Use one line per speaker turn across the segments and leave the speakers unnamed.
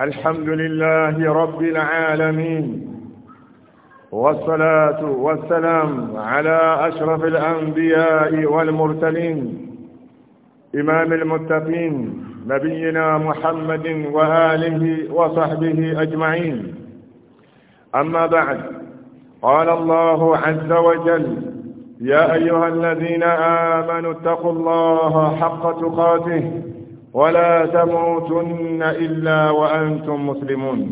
الحمد لله رب العالمين والصلاة والسلام على أشرف الأنبياء والمرسلين إمام المتقين نبينا محمد وآله وصحبه أجمعين أما بعد قال الله عز وجل يا أيها الذين آمنوا اتقوا الله حق تقاته ولا تموتن إلا وأنتم مسلمون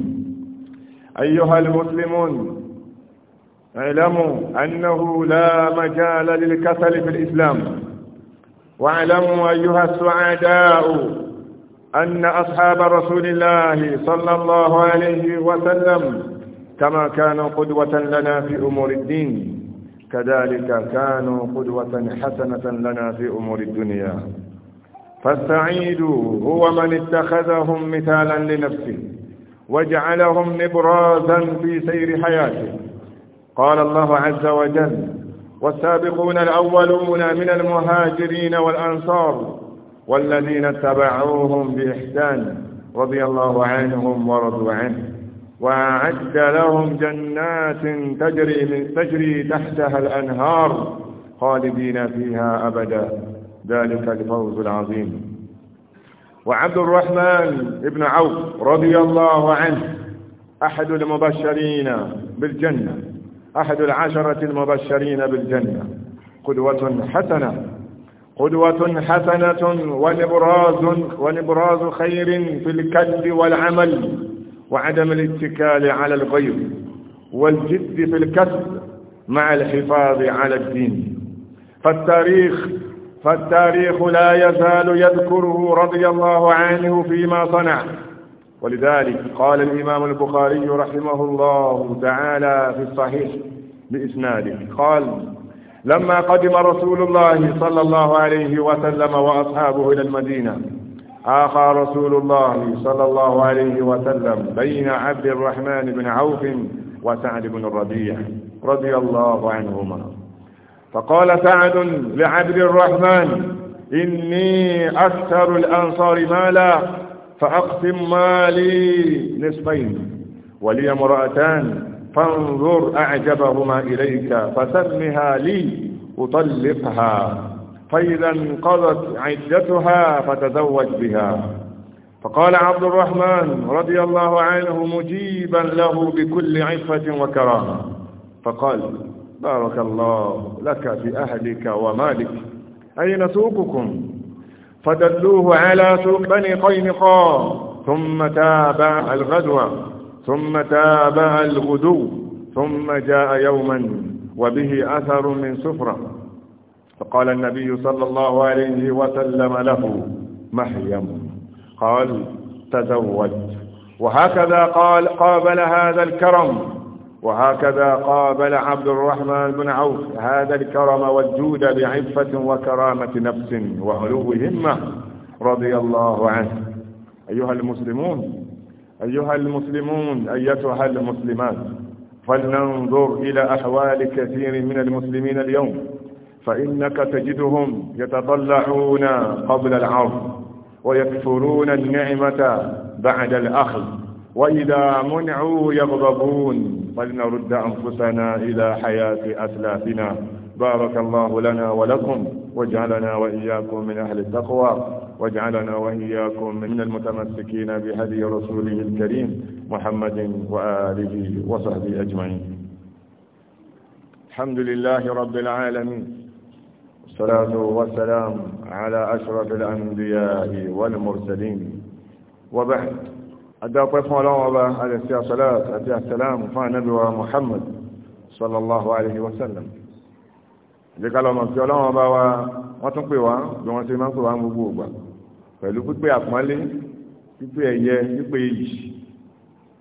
أيها المسلمون اعلموا أنه لا مجال للكسل في الإسلام واعلموا أيها السعداء أن أصحاب رسول الله صلى الله عليه وسلم كما كانوا قدوة لنا في أمور الدين كذلك كانوا قدوة حسنة لنا في أمور الدنيا فالسعيد هو من اتخذهم مثالا لنفسه وجعلهم نبرازا في سير حياته قال الله عز وجل والسابقون الأولون من المهاجرين والأنصار والذين اتبعوهم بإحسان رضي الله عنهم ورضوا عنه وأعد لهم جنات تجري, من تجري تحتها الأنهار خالدين فيها أبداً ذلك الفوز العظيم وعبد الرحمن بن عوف رضي الله عنه أحد المبشرين بالجنة أحد العشرة المبشرين بالجنة قدوة حسنة قدوة حسنة ونبراز, ونبراز خير في الكذب والعمل وعدم الاتكال على الغير والجد في الكسب مع الحفاظ على الدين فالتاريخ فالتاريخ لا يزال يذكره رضي الله عنه فيما صنع ولذلك قال الإمام البخاري رحمه الله تعالى في الصحيح بإسناده قال لما قدم رسول الله صلى الله عليه وسلم وأصحابه إلى المدينة آخى رسول الله صلى الله عليه وسلم بين عبد الرحمن بن عوف وسعد بن الربيع رضي الله عنهما فقال سعد لعبد الرحمن إني أكثر الأنصار مالا فأقسم مالي نصفين ولي امرأتان فانظر أعجبهما إليك فسمها لي أطلقها فإذا انقضت عدتها فتزوج بها فقال عبد الرحمن رضي الله عنه مجيبا له بكل عفة وكرامة فقال بارك الله لك في أهلك ومالك أين سوقكم فدلوه على سوق بني قينقاع ثم تابع الغدوة ثم تابع الغدو ثم جاء يوما وبه أثر من سفرة فقال النبي صلى الله عليه وسلم له محيم قال تزوج وهكذا قال قابل هذا الكرم وهكذا قابل عبد الرحمن بن عوف هذا الكرم والجود بعفة وكرامة نفس وعلو همة رضي الله عنه أيها المسلمون أيها المسلمون أيتها المسلمات فلننظر إلى أحوال كثير من المسلمين اليوم فإنك تجدهم يتطلعون قبل العرض ويكفرون النعمة بعد الأخذ وإذا منعوا يغضبون فلنرد أنفسنا إلى حياة أسلافنا بارك الله لنا ولكم واجعلنا وإياكم من أهل التقوى واجعلنا وإياكم من المتمسكين بهدي رسوله الكريم محمد وآله وصحبه أجمعين الحمد لله رب العالمين والصلاة والسلام على أشرف الأنبياء والمرسلين وبعد adápẹ́ fún ọlọ́wọ́ ọba alẹ́sí asọ́láàtì àti àtàlámù fún ànábíwa Muhammad sallallahu alaihi wasallam ìdíkàlọ́mọ̀ sí ọlọ́wọ́ ọba wa wọ́n tún pè wá bí wọ́n ti máa ń pè wá gbogbo ògbà pẹ̀lú pípé àpọ́nlé pípé ẹ̀yẹ pípé iyì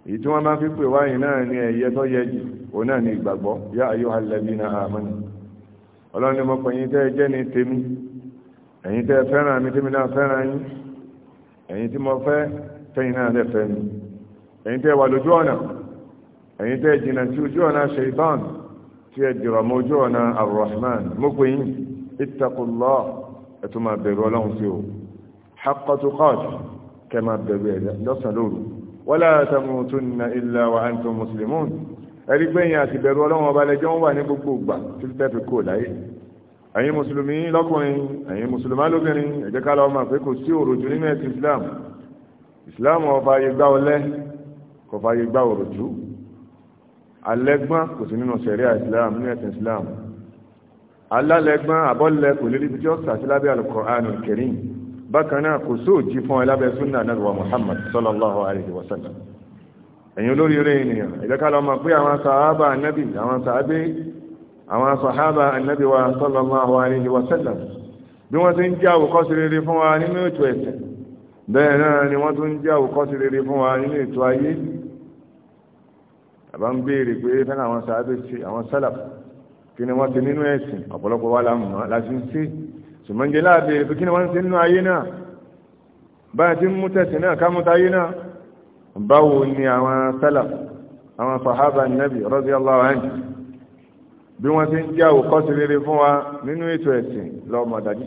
èyí tí wọ́n bá fi pè wá yìí náà ni tẹ́yìn náà lẹ́fẹ́ ni ẹ̀yin tẹ́ wà lójú ọ̀nà ẹ̀yin tẹ́ jìnnà tí ojú ọ̀nà ṣèbán tí ẹ dìrọ̀ mọ́ ojú ọ̀nà arrahman mọ́pẹ́ yín ìtàkùlọ́ ẹ̀tún máa bẹ̀rù ọlọ́run sí o haqqa tuqat kẹ máa bẹ̀rù ẹ̀ lọ́sàn lóru wala tamutunna illa wa antum muslimun ẹ̀rí gbẹ̀yìn àti bẹ̀rù ọlọ́run ọba ìsìláàmù ọba ayégbá ọlẹ́ kò bá ayégbá òròjú alẹ́gbọ́n kò sí nínú sẹ̀ríà ìsìláàmù ní ẹ̀sìn ìsìláàmù alálẹ́gbọ́n àbọ́lẹ̀ kò lè ríbi tí ó sàtí lábẹ́ Al-Qur'anul Karim bákan náà kò sóòjì fún ẹ lábẹ́ súnà nàbẹ̀wà Muhammad sallallahu alaihi wa sallam ẹ̀yin olórí eré ènìyàn ìdẹ́kàlọ́ ọmọ pé àwọn sàhábà annabi àwọn sàhábé àwọn sàhábà annabi wa sallallahu alaihi wa sallam bí wọ́n ti ń jẹ́ àwòkọ́sí rere fún wa nínú ètò ẹ̀sìn bẹ́ẹ̀ náà ni wọ́n tún ń jẹ́ àwòkọ́ṣe rere fún wa nínú ètò ayé àbá ń béèrè pé fẹ́ràn àwọn sàábé ṣe àwọn sálàf kí ni wọ́n ti nínú ẹ̀sìn ọ̀pọ̀lọpọ̀ wa la mọ̀ láti ń ṣe ṣùgbọ́n jẹ́ láàbẹ̀rẹ̀ pé kí ni wọ́n ń ṣe nínú ayé náà báyìí tí ń mú tẹ̀sìn náà ká mú tayé náà báwo ni àwọn sálàf àwọn sàhábà nàbì radiyallahu anhu bí wọ́n ti ń jẹ́ àwòkọ́ṣe rere fún wa nínú ètò ẹ̀sìn lọ́mọ dájú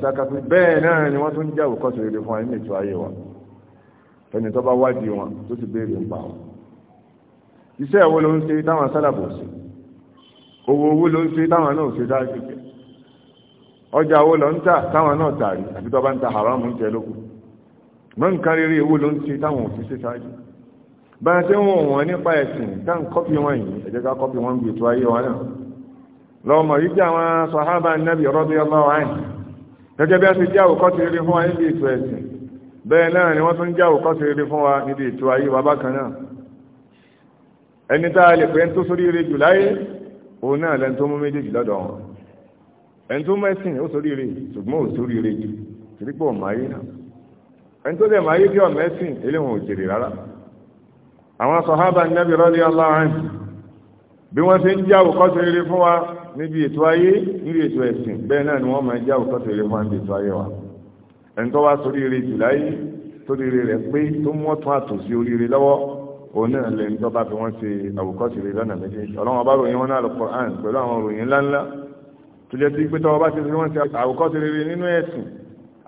bẹ́ẹ̀ náà ni wọ́n tún ń jẹ́ àwòkọ́ṣe rere fún wa nínú ètò ayé wa ẹni tó bá wádìí wọn tó ti béèrè ń pa wọn iṣẹ́ ìwó ló ń ṣe táwọn sálàbò sí owó owó ló ń ṣe táwọn náà ṣe dájú pé ọjà owó lọ ń tà táwọn náà tàrí àti tó bá ń ta haramu ń jẹ lókù mọ́ nǹkan rere owó ló ń ṣe táwọn òfin ṣe ṣáájú bá a ṣe ń wọ̀n wọn nípa ẹ̀sìn táwọn kọ́pì wọn yìí ẹ̀jẹ̀ ká kọ́pì wọn bí ètò ayé wọn náà lọ́mọ yìí jẹ́ àwọn sàhábà nábì radiyallahu anhu gẹ́gẹ́ bí a ti jẹ́ àwòkọ́ ti rí fún wa níbi ètò ẹ̀sìn bẹ́ẹ̀ náà ni wọ́n tún já òkọ́ sí rere fún wa níbi ètò ayé wa bákan náà ẹni tá a lè pè ń tó sórí rere jù láyé òun náà lẹ́ni tó mú méjèèjì lọ́dọ̀ wọn ẹni tó mẹ́sìn ó sórí rere ṣùgbọ́n ò sórí rere jù tìrípò máyé náà ẹni tó dẹ̀ máyé bí ọ̀mẹ́sìn eléwọ̀n ò jèrè rárá àwọn sọ̀hábà nẹ́bí rọ́lí aláhàn bí wọ́n ti ń já òkọ́ sí rere fún wa níbi ètò ayé níbi ètò ẹ̀sìn bẹ́ẹ̀ náà ni wọ́n máa já òkọ́ sí rere fún wa níbi ètò ayé wa ẹ̀ńtọ́ wá sórí eré jùláyé torí rẹ̀ pé tó mọ́tún àtòsí oríire lọ́wọ́ òun náà lè ń tọ́ba fi wọ́n ṣe àwòkọ́sí rẹ̀ lọ́nà méjèèjì ọlọ́run ọba ròyìn wọn náà lọ Qur'an pẹ̀lú àwọn ròyìn ńláńlá tó jẹ́ sí pé tọ́wọ́ bá ti fi wọ́n ṣe àwòkọ́sí rẹ̀ nínú ẹ̀sìn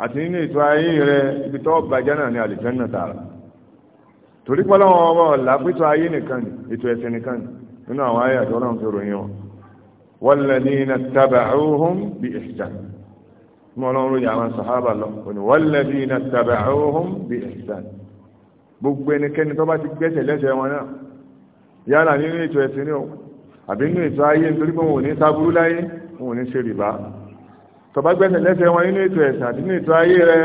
àti nínú ètò ayé rẹ̀ ibi tọ́wọ́ bàjẹ́ náà ní àlùjánnà tààrà torí pọ́lọ́wọ́n ọba mọ́ ọlọ́run ròyìn àwọn sàhábà lọ òní walladhina taba'uhum bi ihsan gbogbo ẹnikẹ́ni tó bá ti gbẹ́sẹ̀ lẹ́sẹ̀ wọn náà yálà nínú ètò ẹ̀sìn ní o àbí nínú ètò ayé nítorí pé wọn ò ní sábúrú láyé wọn ò ní ṣe rìbá tó bá gbẹ́sẹ̀ lẹ́sẹ̀ wọn nínú ètò ẹ̀sìn àti nínú ètò ayé rẹ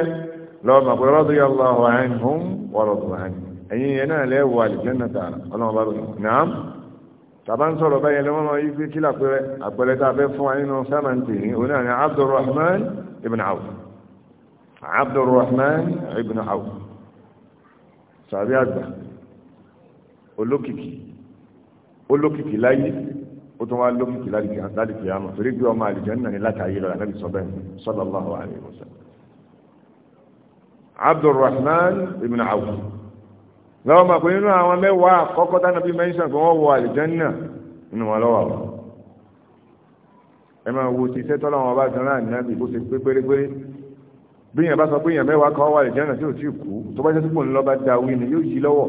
lọ́wọ́ màpẹ́ radiyallahu anhum wa radu anhu ẹ̀yin yẹn náà lẹ́wọ̀ àlìjẹ́nà tààrà ọlọ́run bá ròyìn náà tàbá ń sọ̀rọ̀ báyẹn lọ́wọ́ yìí pé kí lápẹ́rẹ́ àpẹẹrẹ tá a fẹ́ fún wa nínú sámàǹtì ní onáà ní ibn Awf Abdurrahman ibn Awf sàbí àgbà olókìkí olókìkí láyé ó tún wá lókìkí láti fi àmọ̀ torí bí ọmọ àlùjánnà ní látàyè lọ́la náà sọ bẹ́ẹ̀ sallallahu alaihi wasallam Abdurrahman ibn Awf lọ́wọ́ mọ̀ pé nínú àwọn mẹ́wàá àkọ́kọ́ tánàbí mẹ́ńsàn pé wọ́n wọ àlùjánnà nínú wọn lọ́wọ́ àwọn ẹ máa wo ti iṣẹ́ tọ́lọ́wọ́n ọba sanra ànábì bó ṣe pé pérépéré bí èèyàn bá sọ pé èèyàn mẹ́wàá kan wà lè jẹ́nà tí ò tí kú tó bá jẹ́ sípò ńlọ bá da wí ni yóò yí lọ́wọ́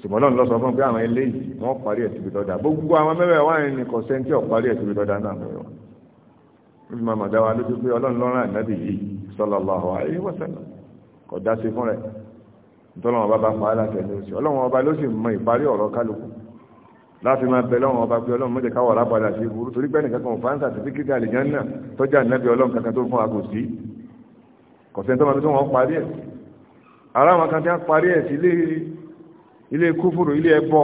ṣùgbọ́n náà lọ sọ fún pé àwọn eléyìí wọ́n parí ẹ̀ síbi tọ́da gbogbo àwọn mẹ́wàá wà ní kò sẹ́ńtì ọ̀parí ẹ̀ síbi tọ́da náà mẹ́wàá ó fi máa mọ̀ dá lójú pé ọlọ́run lọ́rùn ànábì láti máa bẹ lọ́wọ́ ọba pé ọlọ́run mọ́jẹ̀ káwọ̀ lápadà sí burú torí pé nìkan kan fáńsà àti fíkìtì àlìjánná tọ́jà nábì ọlọ́run kankan tó fún wa kò sí kọ̀sẹ̀ tó máa tó wọn parí ẹ̀ ara wọn kan tí wọ́n parí ẹ̀ sí ilé kúfùrù ilé ẹbọ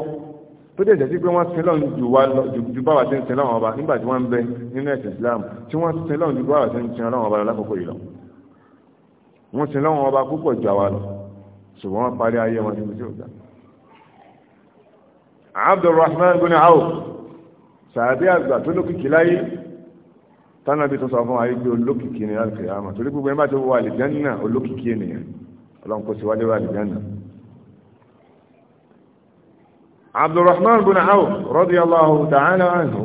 tó dẹ̀ jẹ́ sí pé wọ́n sin lọ́run ju wa lọ ju báwa ti ń sin lọ́wọ́ ọba nígbà tí wọ́n ń bẹ nínú ẹ̀sìn Islam tí wọ́n sin lọ́run ju báwa ti ń sin lọ́wọ́ ọba lọ lákòókò yìí lọ wọ́n sin lọ́wọ́ ọba púpọ̀ ju àwa lọ ṣùgbọ́n wọ́n parí ayé wọn níbi tí ó dáa abdulrahman bin awo sàbí àgbà tó lókìkí láyé tánàbí tó sọ fún ayé pé olókìkí ni láti fìyà mà torí gbogbo ẹ bá ti wọ àlìjánná olókìkí ènìyàn ọlọ́run kò síwájú wọ àlìjánná. abdulrahman bin awo radiyallahu ta'ala anhu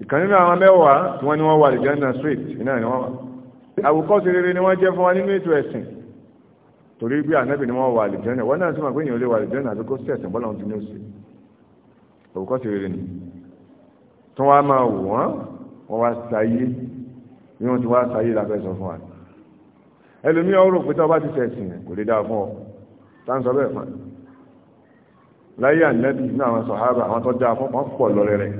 ìkan nínú àwọn mẹ́wàá tí wọ́n ní wọ́n wọ àlìjánná straight iná ni wọ́n wà. àwòkọ́ṣe rere ni wọ́n jẹ́ fún wa nínú ètò ẹ̀sìn torí bí ànábì ni wọ́n wọ àlìjánná wọ́n náà sì mọ̀ pé èèyàn ò lè wọ àlìjánná àti kó sẹ̀sìn bọ́lá òkúkọ́ sí rere ni tó wá máa wò wọ́n wọ́n wá sáyé bí wọ́n ti wá sáyé la fẹ́ sọ fún wa ẹlòmíì ọ̀rọ̀ rò pé tó bá ti sẹ̀sìn kò lè dáa fún ọ tá ń sọ bẹ́ẹ̀ fún láyé ànẹ́bí ní àwọn sọ̀hábà àwọn tó dáa fún wọn pọ̀ lọ rẹ̀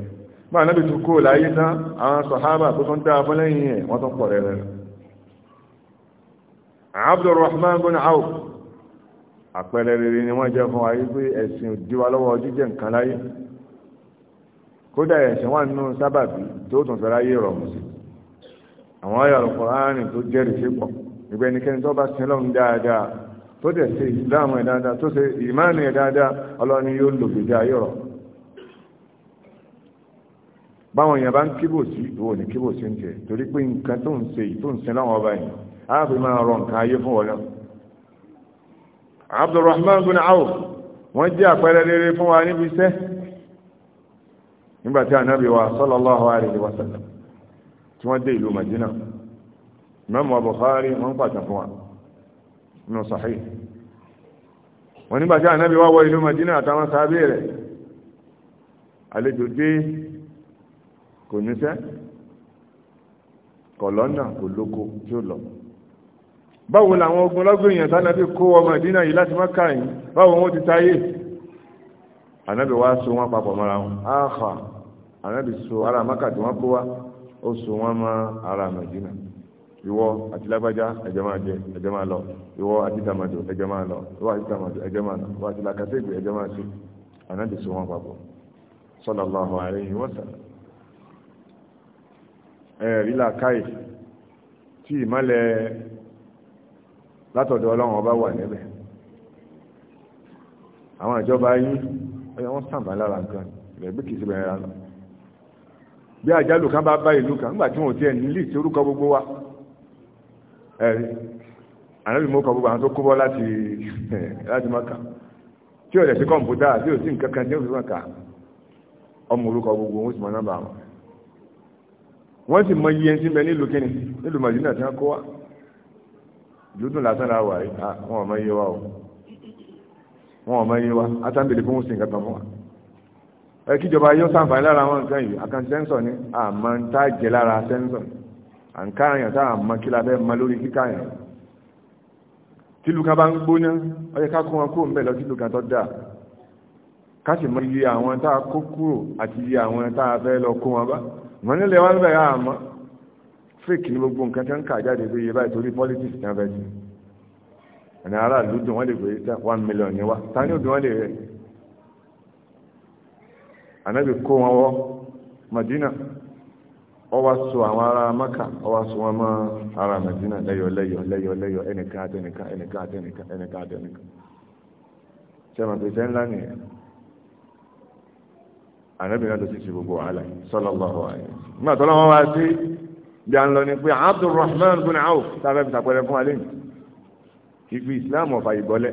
bá ànẹ́bí tó kó láyé tán àwọn sọ̀hábà tó tó dáa fún lẹ́yìn ẹ̀ wọ́n tó pọ̀ rẹ̀ rẹ̀ Abdurrahman bin Auf àpẹẹrẹ rere ni wọ́n jẹ́ fún wa yí pé ẹ̀sìn òdiwa lọ́wọ́ jíjẹ nǹkan láyé kódà ẹ̀sìn wà nínú sábàbí tó tún fẹ́ra yé rọrùn sí àwọn ayọ̀ Al-Kùránì tó jẹ́rìí sí pọ̀ ìgbẹ́ ẹnikẹ́ni tó bá sin lọ́run dáadáa tó dẹ̀ ṣe ìsìláàmù ẹ̀ dáadáa tó ṣe ìmáàmù ẹ̀ dáadáa ọlọ́ni yóò lò gbèdé ayé rọ̀ báwọn èèyàn bá ń kíbò sí ìwò ní kíbò sí ń tẹ̀ torí pé nǹkan wọ́n àpẹẹrẹ rere fún wa níbi nígbàtí ànábì wa sallallahu alayhi wa sallam tí wọ́n dé ìlú Madina Imam Bukhari wọ́n pàtàkì fún wa nínú sahih wọ́n nígbàtí ànábì wa wọ ìlú Madina àtàwọn sábẹ́ rẹ̀ àlejò dé kò níṣẹ́ kò lọ́nà kò lóko tí ó lọ báwo làwọn ogun lọ́gbìn èèyàn tánàbí kó wọ Madina yìí láti Mákà yìí báwo wọ́n ti táyé ànábì wá so wọn papọ̀ mọ́ra wọn áhà ànábì so ara maka tí wọ́n kó wa ó so wọn mọ́ ara mẹ́dínà ìwọ àti lágbájá ẹ̀jẹ̀ máa jẹ ẹ̀jẹ̀ máa lọ ìwọ àti tàmàdò ẹ̀jẹ̀ máa lọ ìwọ àti tàmàdò ẹ̀jẹ̀ máa lọ ìwọ àti làkàtẹ́gbẹ̀ ẹ̀jẹ̀ máa ṣe ànábì so wọn papọ̀ sallallahu alayhi wa sallam ẹ̀rí làkáì tí ìmọ́lẹ̀ látọ̀dọ̀ ọlọ́run ọba wà níbẹ̀ àwọn ìjọba yìí ọyọ wọn sàǹfà lára nǹkan rẹ̀ bí kìí ṣe bẹ̀rẹ̀ lọ bí àjálù kan bá bá ìlú kan nígbà tí wọn ti ẹ̀ nílì tí orúkọ gbogbo wa ẹ̀rí ànábì mọ́ kọ gbogbo àwọn tó kó bọ́ láti láti mọ́kà tí ò lè sí kọ̀ǹpútà tí ò sí nǹkan kan tí ó fi mọ́kà ọmọ orúkọ gbogbo wọn sì mọ nọ́mbà wọn wọ́n sì mọ iye ẹni tí ń bẹ nílùú kíni nílùú màdínà tí wọ́n kó wa lódùn lásán la àwọn ah, ọmọ iye wa o wọn ò mọ wa atambele fún sí nǹkan fún wa ẹ kíjọba yóò sàǹfààní lára àwọn nǹkan yìí àkàn sẹ́ńsọ̀ ni àmọ́ ń tá jẹ lára sẹ́ńsọ̀ à ń káàyàn tá àmọ́ kí la fẹ́ mọ lórí kíkàyàn tìlú kan bá ń gbóná ó yẹ ká kó wọn kó ń bẹ̀ lọ tìlú kan tó dáa ká sì mọ iye àwọn tá a kó kúrò àti iye àwọn tá a fẹ́ lọ kó wọn bá mọ nílẹ̀ wọn bẹ̀ yà àmọ́ fake gbogbo nǹkan tẹ́ ń kà jáde bí iye báyìí torí politics tẹ́ ń fẹ́ sí ẹni aráàlú dùn wọ́n lè one million ni ta ni ó dùn wọ́n lè rẹ̀ ànábì kó wọn Madina ọ so àwọn Maka ọ so wọn mọ́ ara Madina lẹ́yọ lẹ́yọ lẹ́yọ lẹ́yọ ẹnìkan àtẹnìkan ẹnìkan àtẹnìkan ẹnìkan àtẹnìkan sẹ́wọ̀n pé sẹ́ ńlá nìyẹn ànábì náà ló sì ṣe gbogbo wàhálà sallallahu alaihi nígbà tó lọ́wọ́ wá sí bí a ń lọ ni pé Abdulrahman bin ìfi ìsìláàmù ọ̀fà ìbọ́lẹ̀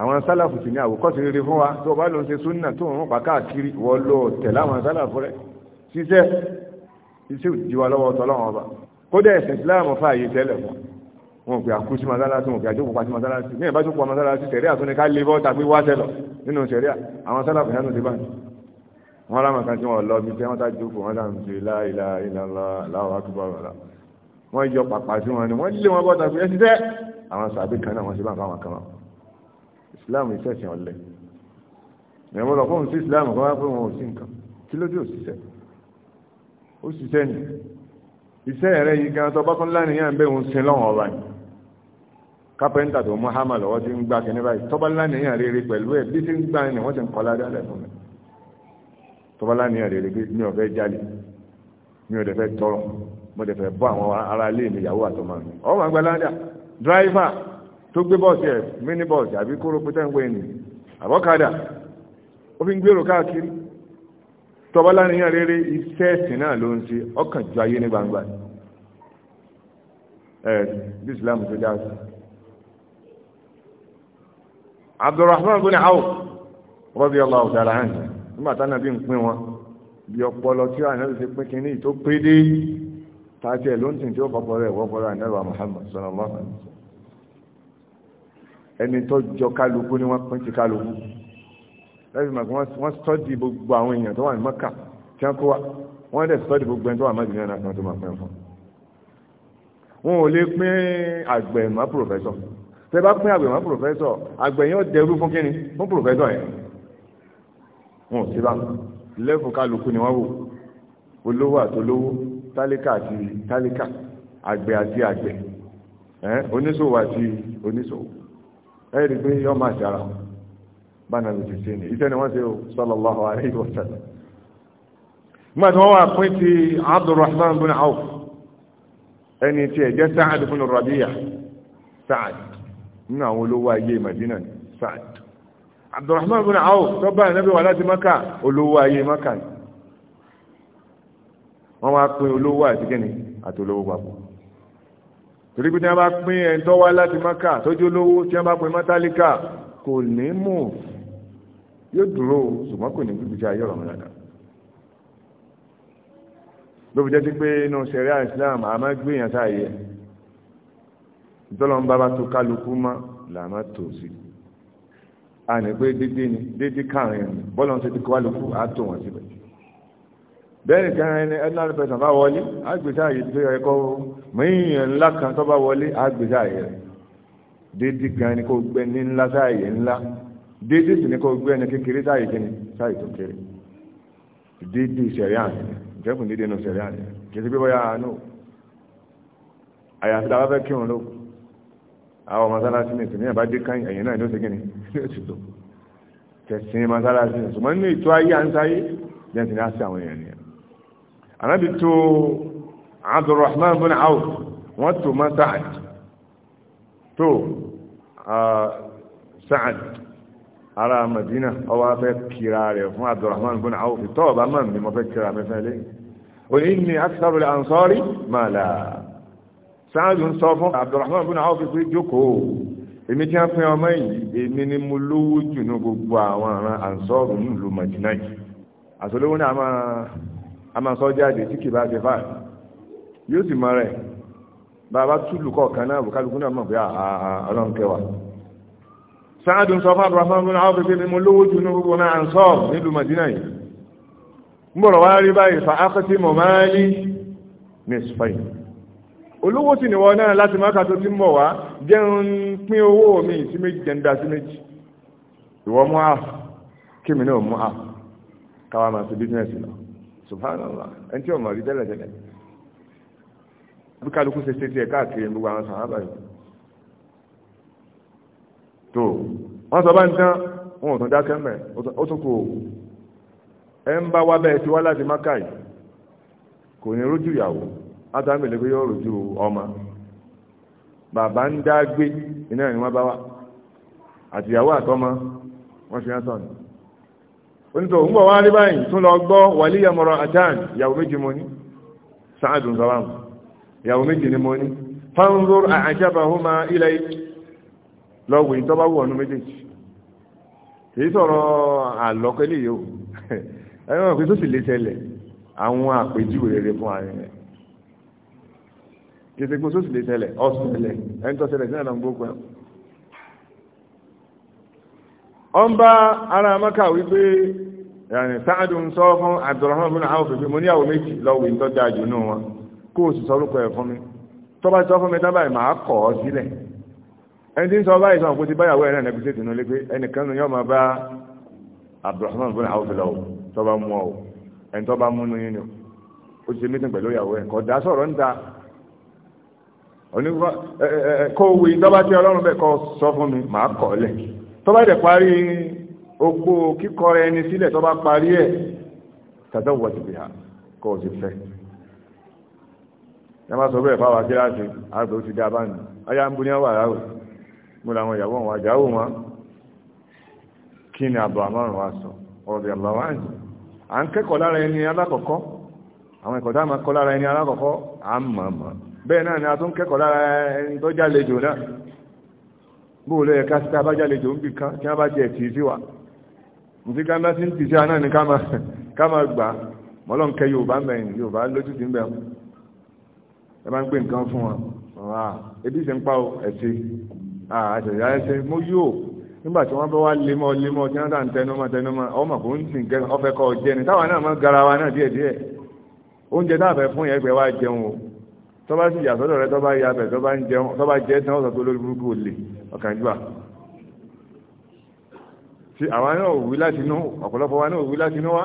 àwọn sálàfù sì ní àwòkọ́sí rere fún wa tó bá lọ ṣe súnà tó ń pa káàkiri wọ́n lọ tẹ̀lé àwọn sálàfù rẹ̀ ṣiṣẹ́ iṣẹ́ òjìwà lọ́wọ́ tọ́lọ́wọ́n ọba kódà ẹ̀sìn ìsìláàmù ọ̀fà yìí tẹ́lẹ̀ fún wọn pè àkúsí masalasi wọn pè àjókòó pàṣẹ masalasi ní ìbájú pọ̀ masalasi sẹ̀rí àtúnika lè bọ́ tàbí wá sẹ́lọ̀ nínú sẹ̀rí àwọn sálàfù yánú ti báyìí wọn lámà kan tí wọn lọ bí tí wọn tá jókòó wọn láà ń fi láìláìláìláwọ akúbọ wọn yọ pàpà sí wọn ni wọn lé wọn bọ tàbí ẹsì tẹ àwọn sàbí kan náà wọ́n ṣe bá fáwọn kan islam ìṣẹ̀sìn ọ̀lẹ́ ìyẹn mo lọ fóun sí islam kan wá pé wọn ò sí nǹkan kí ló dé òṣìṣẹ́ ó ṣiṣẹ́ ni iṣẹ́ rẹ̀ yìí gan tó bá kún lánìyàn ń bẹ́ òun sin lọ́wọ́ ọba ni kápẹ́ńtà tó mú hámà lọ́wọ́ ti ń gbá kí ní báyìí tó bá lánìyàn rere pẹ̀lú ẹ̀ bí ti ń gbá ni wọ́n ti ń kọ́ ládàá lẹ̀ fún mi tó bá lánìyàn rere mi ò fẹ́ jalè mi ò dráìvà tó gbé bọ́ọ̀sì ẹ̀ mini bọ́ọ̀sì àbí kóró pété ń pè ní àbọ́kadà ó fi ń gbèrò káàkiri tọba lánìyàn rere iṣẹ́ ẹ̀sìn náà ló ń ṣe ọkàn ju ayé ní gbangba ẹ̀ bí Islam ṣe dá sí Abdurrahman bin Awf radiyallahu ta'ala anhu nígbà bí ń pín wọn bí ọpọlọ tààtì ẹ̀ lóńtì tí ó kọ́kọ́ rẹ̀ wọ́pọ̀ Muhammad sallallahu alaihi wasallam ẹni tó jọ kálukú ni wọ́n pín ti kálukú lẹ́yìn ìgbà wọ́n sọ́dí gbogbo àwọn èèyàn tó wà ní Mẹ́kà tí wọ́n kó wa wọ́n dẹ̀ sọ́dí gbogbo ẹni tó wà mẹ́jọ náà kan tó máa pín fún wọn ò lè pín àgbẹ̀ mọ́ pòfẹ́sọ̀ tẹ bá pín àgbẹ̀ mọ́ pòfẹ́sọ̀ àgbẹ̀ yóò dẹrú fún kíni fún pòfẹ́sọ̀ yẹn wọn ò sí bá lẹ́fù kálukú ni wọ́n wò olówó àtolówó tálíkà àti tálíkà àgbẹ̀ àti àgbẹ̀ oníṣòwò àti oníṣòwò ẹ̀rí pé yọ́ máa ṣàrà bánà ló ti ṣe ní iṣẹ́ ni wọ́n ṣe sallallahu alaihi wa tí wọ́n wà pín ti bin Auf ẹni tí jẹ́ Sa'ad Rabi'a Sa'ad nínú àwọn olówó ayé Madina Sa'ad abdulrahman bin Auf tó bá Ànábì láti Maka olówó ayé Maka wọ́n wá pín olówó àti kíni àti olówó papọ̀ torí pé tí wọ́n bá pín ẹni tó wá láti mọ́kà tọ́jú olówó tí wọ́n bá pín mọ́tálíkà kò ní mú yóò dúró ṣùgbọ́n kò ní gbígbé tí ayé ọ̀rọ̀ mi ló fi jẹ́ sí pé inú sẹ̀ríà Islam a máa gbé èèyàn sáàyè ìtọ́lọ́n bá bá tó kálukú mọ́ làá má tò sí a ní pé dédé ni dédé káàrin bọ́lọ́n ti kọ́ kálukú á tò wọ́n síbẹ̀ bẹ́ẹ̀ni kan ẹni ẹ̀dínláàrí pẹ̀sàn bá wọlé agbèsà yìí tó yẹ kọ́ mìíràn ńlá kan tó bá wọlé agbèsà yìí rẹ̀ dédé gan ni kò gbẹ́ ní ńlá sáàyè ńlá dédé sì ni kò gbẹ́ ní kékeré sáàyè kíni sáàyè tó kéré dédé sẹ̀rí àná ìjẹ́kùn dédé nù sẹ̀rí àná kì í ṣe pé bóyá àánú àyàfi làwọn fẹ́ kírun ló àwọn mọ́sálásí ní ìsìnkú yẹn bá dé káyìn ẹ̀yìn náà ló ṣe kíni ló ti tó tẹ̀sìn ní ìtọ́ ayé à ń sáyé jẹ́ǹtì ní ànábì tó abdulrahman bin awf wọ́n tó mọ́ saad tó saad ara madina ọwọ́ afẹ́ kira rẹ̀ fún abdulrahman bin awf tó ọba mọ́ mi mọ́ fẹ́ kira mẹ́fẹ́ lé òní ní akitaro lè ansọ́rí màlá saad ń sọ fún abdulrahman bin awf pé jókòó èmi tí a fẹ́ ọmọ yìí èmi ni mo lówó jù ní gbogbo àwọn àrùn ansọ́rù nílùú madina yìí àtòlówó náà máa a máa sọ jáde tí kì bá ṣe fáà yóò sì mọ rẹ̀ bàbá túlù kọ̀ọ̀kan náà bùkálùkù náà mọ̀ pé ah, ah, ah, ọlọ́run kẹwàá sáàdùn sọ fún àbúrò fún àwọn pípé mo lówó jù ní gbogbo náà ń sọ nílùú Madina yìí ń bọ̀rọ̀ wá rí báyìí fa akọ́tí mọ̀ máa ní nisfain olówó sì ni wọ́n náà láti máka tó ti ń bọ̀ wá jẹun pín owó mi sí méjì jẹ́ndà sí méjì ìwọ mú àf kí mi náà mú àf káwa máa ṣe bísíǹsì lọ subhanallah ẹni tí ọmọ rí tẹ́lẹ̀ tẹ́lẹ̀ bí ṣe ṣe tiẹ̀ káàkiri gbogbo àwọn sàhábà yìí tó wọ́n sọ bá ń tán wọn ò tún dákẹ́ mẹ́ ó tún kò ẹ ń bá bẹ́ẹ̀ tí wá láti má kò ní ìyàwó oníṣòwò ń bọ̀ wá rí báyìí tún lọ gbọ́ wàlíyà mọ̀rọ̀ àjáàn ìyàwó méjì mo ní sáàdù sọ́lámù ìyàwó méjì ni mo ní fanzur àjábàhúmá ilẹ̀ lọ́wọ́ ìtọ́bá wù méjèèjì kìí sọ̀rọ̀ àlọ́kẹ́lẹ̀ ọ ń bá ara wípé yàrá sáàdù ń sọ fún Abdurrahman bin Awf fífi mo ní àwọn méjì lọ́wọ́ ìtọ́jú àjò náà wọn kó o sì sọ lóko ẹ̀ fún mi tó bá sọ fún mi tábàá máa kọ̀ ọ́ sílẹ̀ ẹni tí ń sọ báyìí sọ̀rọ̀ kó ti báyàwó ẹ̀ náà nẹ́gbẹ́sẹ̀ tìǹú lé pé ẹnìkan nù yọ́ máa bá Abdurrahman bin Awf lọ́wọ́ tó bá mú ọ ẹni tó bá mú nu yín ni o wí tọ́ba opó kíkọrẹ ẹni sílẹ̀ tó bá parí ẹ̀ kọ́ fẹ́ ẹ má sọ bẹ́ẹ̀ fáwọn akíláàsì àgbẹ̀ ó ayá ń bú ní ọwọ́ àráwò mo làwọn ìyàwó wọn àjáwò wọn kí ni àbọ̀ àmọ́rùn wa sọ ọ̀rọ̀ ìyàbọ̀ à ń kẹ́kọ̀ọ́ lára ẹni a máa kọ́ lára ẹni alákọ̀ọ́kọ́ à ń mọ̀ mọ̀ bẹ́ẹ̀ náà ni a tún kẹ́kọ̀ọ́ lára ẹni tó jálejò náà bóòlù sí tá a bá jálejò ń bì wa ní ghana sí ń tì sí àná ní ká máa gbà mọ́lọ́n kẹ yorùbá mẹ́rin yorùbá lójú ti ń bẹ̀ wọn ẹ bá ń pè nǹkan fún wọn ọ̀hà ebi ṣe ń pa ẹ̀sẹ̀ àṣẹ̀yà ẹ̀sẹ̀ mo yóò nígbà tí wọ́n bá wá lemọ́ lemọ́ tí wọ́n dà ń tẹnumọ́ tẹnumọ́ ọmọ kò ń sì ń kẹ́rin ọ̀fẹ́ kọ́ jẹ́ ni táwa náà máa gara wa náà díẹ̀ díẹ̀ oúnjẹ táà fẹ́ fún yẹn pé wá jẹun o tọ́ba sì yà sọ́dọ̀ rẹ tọ́ba yà bẹ̀ tọ́ba jẹ́ tán ọ̀sọ̀ tó lórí burúkú ò lè ọ̀kànjúà tí àwa náà wí láti inú ọ̀pọ̀lọpọ̀ wa náà wí láti inú wa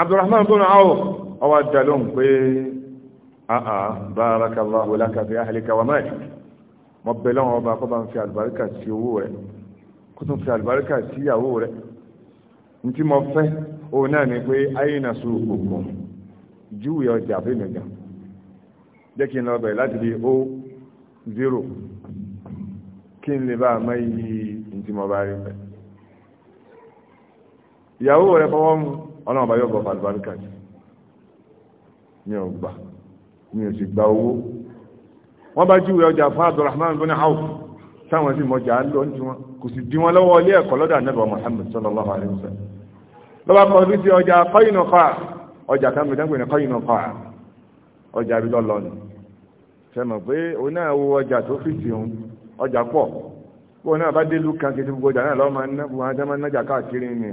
Abdurrahman bin Awf ọwà dalóhùn pé àà barakallahu laka fi ahlika wa malik mọ́ bẹ lọ́wọ́ ọba kọ́ bá ń fi àlùbáríkà sí owó rẹ̀ kó tún fi àlùbáríkà sí ìyàwó rẹ̀ ní tí mo 0 kí n lè bá àmọ́ iyì ntí mo bá rí pẹ́ ìyàwó rẹ̀ fọwọ́ mu ọlọ́run bá yọ̀bọ̀ fàlùbáríkà jù mi ò gbà mi ò sì gba owó wọ́n bá júwe ọjà fún Abdulrahman bin Auf táwọn sì mọjà lọ ní wọn kò sì di wọn lọ́wọ́ ilé ẹ̀kọ́ lọ́dọ̀ anábà Muhammad sallallahu alayhi wa sallam lọ́ba kan ní ti ọjà Qaynuqa ọjà kan mi dágbé ní Qaynuqa ọjà bí lọ́lọ́ ni pé òun náà ọjà tó fìtì òun ọjà pọ̀ bó náà bá ìlú kan kí gbogbo ọjà náà lọ́wọ́ máa ná gbogbo ajá nájà káàkiri ni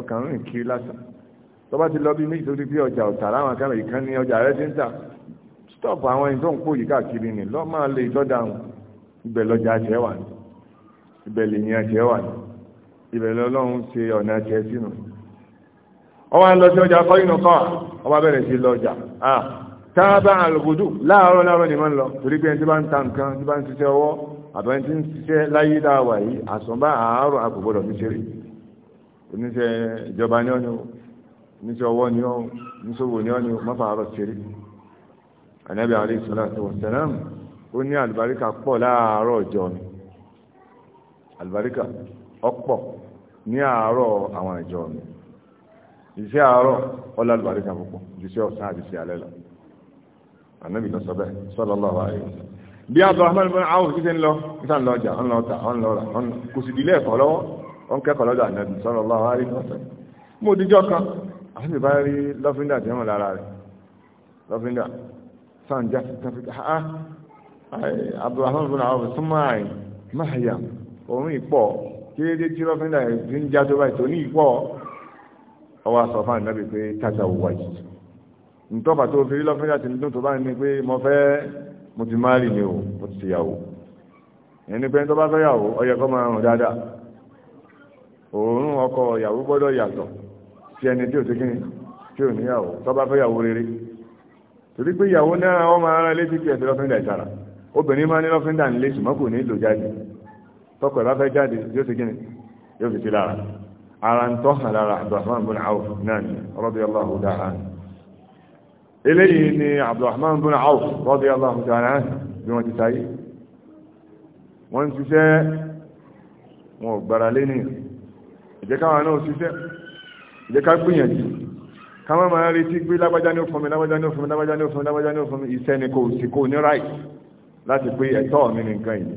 ọkàn rìn kiri lásán tó bá ti lọ bí méjì tó bí ọjà ọ̀tà láwọn akẹ́rọ ìkan ọjà rẹ ti ń tà àwọn ẹni yìí káàkiri ni máa lè tọ́da wà ní ṣe ọ̀nà sínú tábà àlùgùdù láàárọ̀ láàárọ̀ ni máa ń lọ torí pé ẹni tí bá ń ta nǹkan tí bá ń ṣiṣẹ́ ọwọ́ àbẹ̀ni tí ń ṣiṣẹ́ láyé dáwà yìí àsọ̀nbá àárọ̀ àkùgbọ́dọ̀ fi ṣeré oníṣẹ́ ìjọba ni ọ́ ni ó oníṣẹ́ ọwọ́ ni ó oníṣòwò ni ó ni ó má fà àárọ̀ ṣeré ànábì àlẹ́ ìṣọ́lá tó wọ̀n sẹ́nà ó ní àlùbáríkà pọ̀ láàárọ̀ ọjọ́ mi àlùbáríkà ọ̀pọ̀ ní àárọ̀ àwọn ìṣẹ́ àárọ̀ ọlá àlùbáríkà púpọ̀ ìṣẹ́ ọ̀sán àti ìṣẹ́ alẹ́ lọ ànábì lọ sọ bẹ́ẹ̀ sallallahu alaihi wasallam bí Abdurrahman bin Awf títí ń lọ níta ń lọ ọjà ń lọ ọta ń lọ ra kò sì dílé ẹ̀kọ́ lọ́wọ́ ó ń kẹ́kọ̀ọ́ lọ́dọ̀ ànábì sallallahu alaihi wasallam mo díjọ́ kan àti bá rí lọ́fíńdà tí wọ́n lára rẹ̀ lọ́fíńdà sànjà tàfíkà ha ah, Abdurrahman bin Awf súnmọ́ àyìn máyà òun ìpọ̀ kéde tí lọ́fíńdà ti ń já tó báyìí tó ní ìpọ̀ ntọ́ba tó fi rí lọ́fẹ́yà tí ń dùn tó bá ní pé mo fẹ́ mo ti máa rì ní o mo ti ṣèyàwó ẹni pé tó bá fẹ́ yàwó ọyẹ kọ́ máa rùn dáadáa òórùn ọkọ ìyàwó gbọ́dọ̀ yàtọ̀ sí ẹni tí ò ti kíni tí ò níyàwó tó bá fẹ́ yàwó rere torí pé ìyàwó náà wọ́n máa rán létí kí ẹ̀sìn lọ́fíńdà ìtara obìnrin máa ní lọ́fíńdà ń lé ṣùgbọ́n kò ní ìlò jáde tọkọ ẹ̀ bá fẹ́ jáde yóò ti kíni yóò fi sí lára ara ń tọ́ hàn lára Abdurrahman bin Auf náà ni radiyallahu eléyìí ni abdulrahman bin auf radiyallahu ta'ala bí wọ́n ti sáyé wọ́n ń ṣiṣẹ́ wọn ò gbára lé ní ìjẹ́ káwọn náà ṣiṣẹ́ ìjẹ́ ká gbìyànjú káwọn máa retí gbé lágbájá ní òfin mi lágbájá ní òfin mi lágbájá ní òfin mi lágbájá ní òfin mi iṣẹ́ ni kò sí kò ní ráì láti pé ẹ̀tọ́ mi ní nǹkan yìí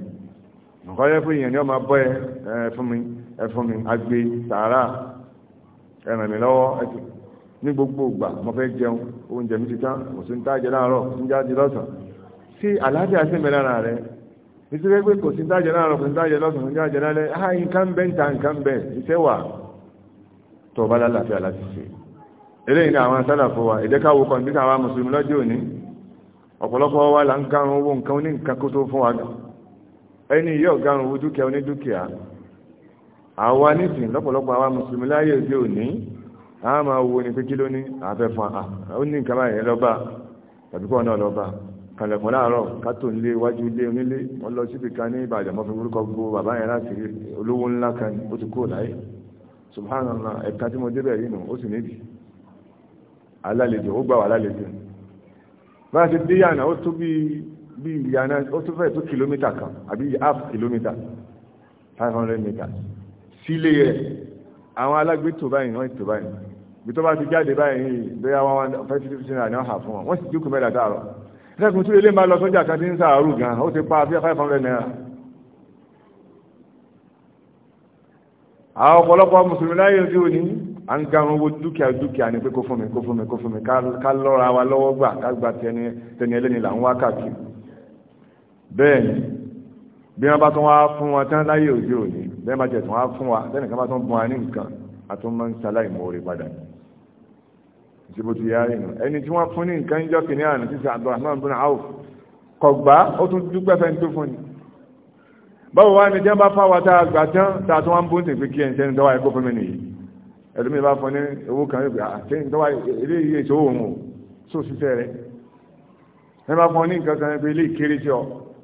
nǹkan yẹ fún èèyàn ni wọ́n máa bọ́ ẹ fún mi ẹ fún mi agbe sàárà ẹ̀ràn lọ́wọ́ ẹ̀sìn ní gbogbo ìgbà mo fẹ́ jẹun oúnjẹ mi ti tán kò sí ń tájẹ láàárọ̀ kò sí ń jáde lọ́sàn sí àlàáfíà sí mi lára rẹ nítorí pé kò sí ń tájẹ láàárọ̀ kò sí ń tájẹ lọ́sàn kò sí ń tájẹ lálẹ́ á nǹkan bẹ́ẹ̀ ń ta nǹkan bẹ́ẹ̀ iṣẹ́ wà tó o bá lálàáfíà láti ṣe eléyìí ni àwọn sálàfo wa ìdẹ́káwó kọ̀ǹpútà wa mùsùlùmí lọ́jọ́ òní ọ̀pọ̀lọpọ̀ wa là ń karùn owó nǹkan ní nǹkan kó tó fún wa ẹni yóò karùn owó dúkìá oní àwa nísìn lọ́pọ̀lọpọ̀ àwa mùsùlùmí láyé òde òní a máa wo ni pé kí ló ní àfẹ́ fún a ó ní nǹkan báyìí lọ́ba tàbí kọ́ náà lọ́ba kànlẹ̀kùn láàárọ̀ kátó nílé iwájú ilé onílé wọ́n lọ síbi kan ní ìbàdàn mọ́fẹ́ orúkọ gbogbo bàbá yẹn láti rí olówó ńlá kan ní ó ti kúrò láyé subhanallah ẹ̀ka tí mo débẹ̀ rí nù ó sì níbi alálejò ó gbà wà alálejò bá a ti dé yànà ó tó bí bí yànà ó tó fẹ́ tó kìlómítà kan àbí half kìlómítà five hundred meters sílé rẹ̀ àwọn alágbètò báyìí wọ́n ti tó báyìí bí ba bá ti jáde báyìí bóyá wọn fẹ́ tí fífi náà ní ọ̀hà fún wọn wọ́n sì dúkù mẹ́ta táàrọ̀ ẹ̀kùn tí ilé máa lọ sọ́jà kan ti ń sàárù gan ó ti pa bíi five hundred naira. àwọn ọ̀pọ̀lọpọ̀ mùsùlùmí láyé ojú òní à ń ga owó dúkìá dúkìá ni pé kó fún mi kó fún mi kó fún mi ká lọ́ra wa lọ́wọ́ gbà ká gba tẹni tẹni ẹlẹ́ni là ń wá káàkiri bẹ́ẹ̀ ni bí wọ́n bá tún wá fún wọn tán láyé ojú òní bẹ́ẹ̀ má jẹ̀ tún wá fún wa tẹ́nìkan bá tún bọ́n wa ní nǹkan a tún máa ń saláì mọ́ orí padà ni ìṣèbò ti yá rìn ẹni tí wọ́n fún ní nǹkan ìjọ kìíní àná títí Abdulrahman bin Auf kọ̀gbá ó tún dúpẹ́ fẹ́ tó fún ni báwo wá ní jẹ́mbá fáwọn tá a gbà tán tá a tún wá ń bó ń tìpé kí ẹni tẹ́ni dọ́wà ẹ̀kọ́ fún mi nìyí ẹlòmíì bá fọ ní owó kan yóò gbà àtẹ́ni ah, dọ́wà ilé iye ìṣòwò òun o sóò ṣiṣẹ́ rẹ̀ ẹ bá fọ ní nǹkan kan ẹgbẹ́ ilé ìkéré sí ọ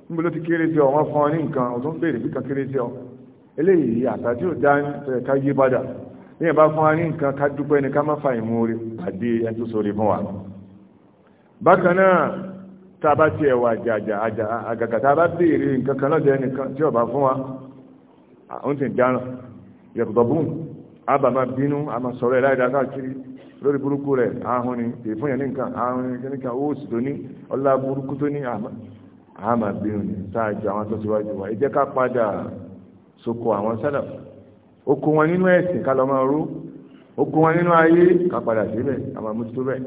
níbo ló ti kéré sí ọ wọ́n fọ ní nǹkan ọ̀tún béèrè bí kan kéré sí ọ eléyìí àtàtì ò dání tó yí padà ní ẹ̀bá fún wa ní nǹkan ká dúpẹ́ ní ká má fa ìmoore àdé ẹni tó sọ̀rọ̀ fún wa bákan náà tá a bá ti ẹ̀wà àjàjà àgàgà tá a bá béèrè nǹkan kan lọ́dọ̀ ẹnìkan tí ọba fún wa òun ti dáná yẹ̀kùtọ̀ bùn àbà máa bínú àmà sọ̀rọ̀ ẹ̀ láìda káàkiri lórí burúkú rẹ̀ ahun ni èèfún yẹn nìkan ahun ni nìkan ó sì tó ní ọlá burúkú tó ní àmà bínú ni sáà ju àwọn tó ti wájú wa ẹ jẹ́ ká padà sóko àwọn sálàfù oko wọn nínú ẹ̀sìn ká lọ máa rú oko wọn nínú ayé ká padà síbẹ̀ àmọ́ mú tó bẹ̀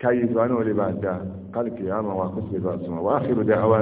káyé tó wánà olè bá dáa kálùkì àmọ́ wa kó sì lè bá sùn wà á fi rò dá àwa